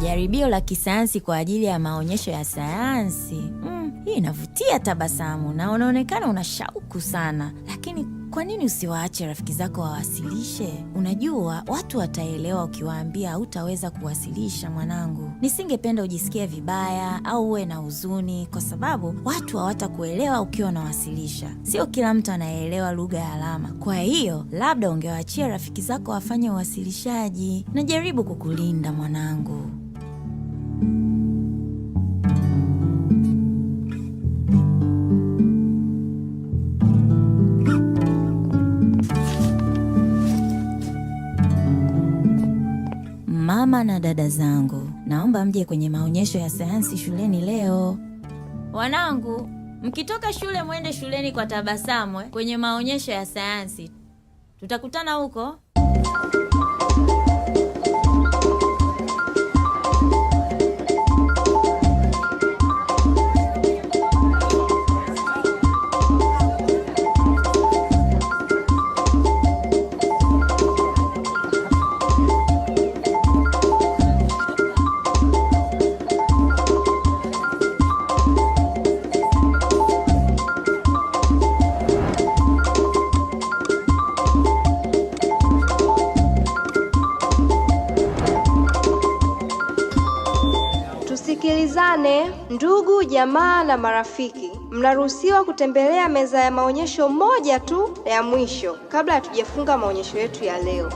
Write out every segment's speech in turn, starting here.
jaribio la kisayansi kwa ajili ya maonyesho ya sayansi. Mm, hii inavutia tabasamu na unaonekana una shauku sana, lakini kwa nini usiwaache rafiki zako wawasilishe? Unajua watu wataelewa ukiwaambia hautaweza kuwasilisha. Mwanangu, nisingependa ujisikie vibaya au uwe na huzuni, kwa sababu watu hawatakuelewa ukiwa unawasilisha. Sio kila mtu anayeelewa lugha ya alama, kwa hiyo labda ungewaachia rafiki zako wafanye uwasilishaji. Najaribu kukulinda mwanangu. Mama na dada zangu, naomba mje kwenye maonyesho ya sayansi shuleni leo. Wanangu, mkitoka shule mwende shuleni kwa tabasamu eh, kwenye maonyesho ya sayansi. Tutakutana huko. Tusikilizane ndugu, jamaa na marafiki, mnaruhusiwa kutembelea meza ya maonyesho moja tu ya mwisho kabla hatujafunga maonyesho yetu ya leo.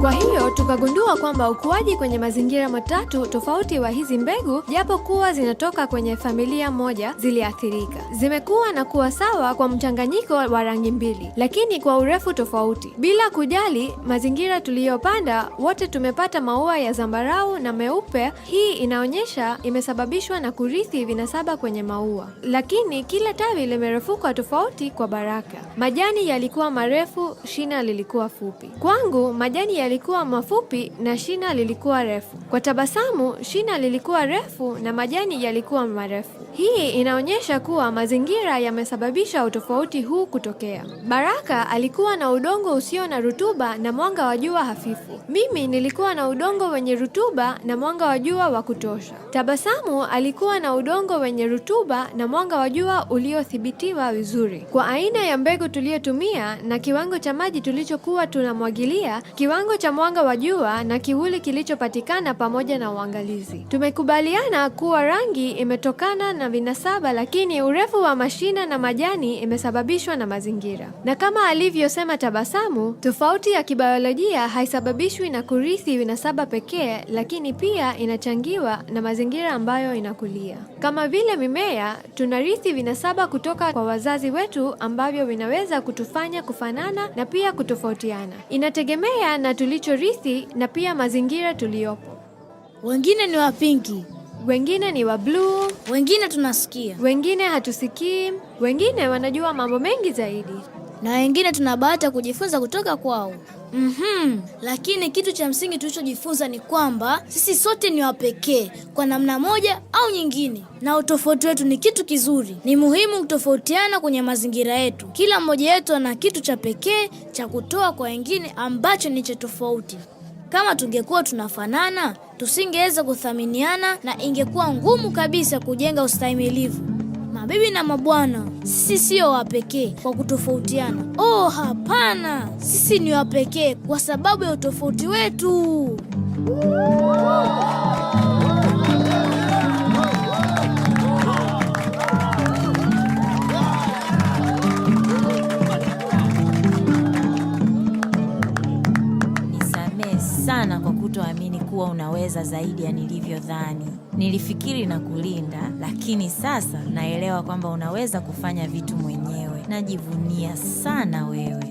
Kwa hiyo hiyo tukagundua kwamba ukuaji kwenye mazingira matatu tofauti wa hizi mbegu, japo kuwa zinatoka kwenye familia moja, ziliathirika. Zimekuwa na kuwa sawa kwa mchanganyiko wa rangi mbili, lakini kwa urefu tofauti. Bila kujali mazingira tuliyopanda, wote tumepata maua ya zambarau na meupe. Hii inaonyesha imesababishwa na kurithi vinasaba kwenye maua, lakini kila tawi limerefuka tofauti kwa baraka. Majani yalikuwa marefu, shina lilikuwa fupi. Kwangu majani yalikuwa mafupi na shina lilikuwa refu. Kwa tabasamu, shina lilikuwa refu na majani yalikuwa marefu. Hii inaonyesha kuwa mazingira yamesababisha utofauti huu kutokea. Baraka alikuwa na udongo usio na rutuba na mwanga wa jua hafifu. Mimi nilikuwa na udongo wenye rutuba na mwanga wa jua wa kutosha. Tabasamu alikuwa na udongo wenye rutuba na mwanga wa jua uliothibitiwa vizuri. Kwa aina ya mbegu tuliyotumia na kiwango cha maji tulichokuwa tunamwagilia, kiwango cha mwanga wa jua na kivuli kilichopatikana pamoja na uangalizi. Tumekubaliana kuwa rangi imetokana na vinasaba, lakini urefu wa mashina na majani imesababishwa na mazingira. Na kama alivyosema Tabasamu, tofauti ya kibiolojia haisababishwi na kurithi vinasaba pekee, lakini pia inachangiwa na mazingira ambayo inakulia. Kama vile mimea, tunarithi vinasaba kutoka kwa wazazi wetu ambavyo vinaweza kutufanya kufanana na pia kutofautiana. Inategemea na tulichorithi na pia mazingira tuliyopo. Wengine ni wapinki wengine ni wa bluu, wengine tunasikia, wengine hatusikii, wengine wanajua mambo mengi zaidi, na wengine tuna bahati ya kujifunza kutoka kwao. Mm-hmm. Lakini kitu cha msingi tulichojifunza ni kwamba sisi sote ni wapekee kwa namna moja au nyingine, na utofauti wetu ni kitu kizuri. Ni muhimu kutofautiana kwenye mazingira yetu. Kila mmoja wetu ana kitu cha pekee cha kutoa kwa wengine ambacho ni cha tofauti. Kama tungekuwa tunafanana, tusingeweza kuthaminiana na ingekuwa ngumu kabisa kujenga ustahimilivu. Mabibi na mabwana, sisi siyo wapekee kwa kutofautiana. Oh, hapana, sisi ni wapekee kwa sababu ya utofauti wetu. sana kwa kutoamini kuwa unaweza zaidi ya nilivyodhani. Nilifikiri na kulinda, lakini sasa naelewa kwamba unaweza kufanya vitu mwenyewe. Najivunia sana wewe.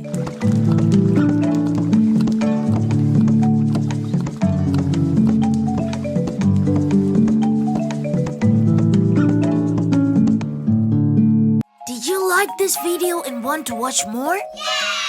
Did you like this video and want to watch more? Yeah!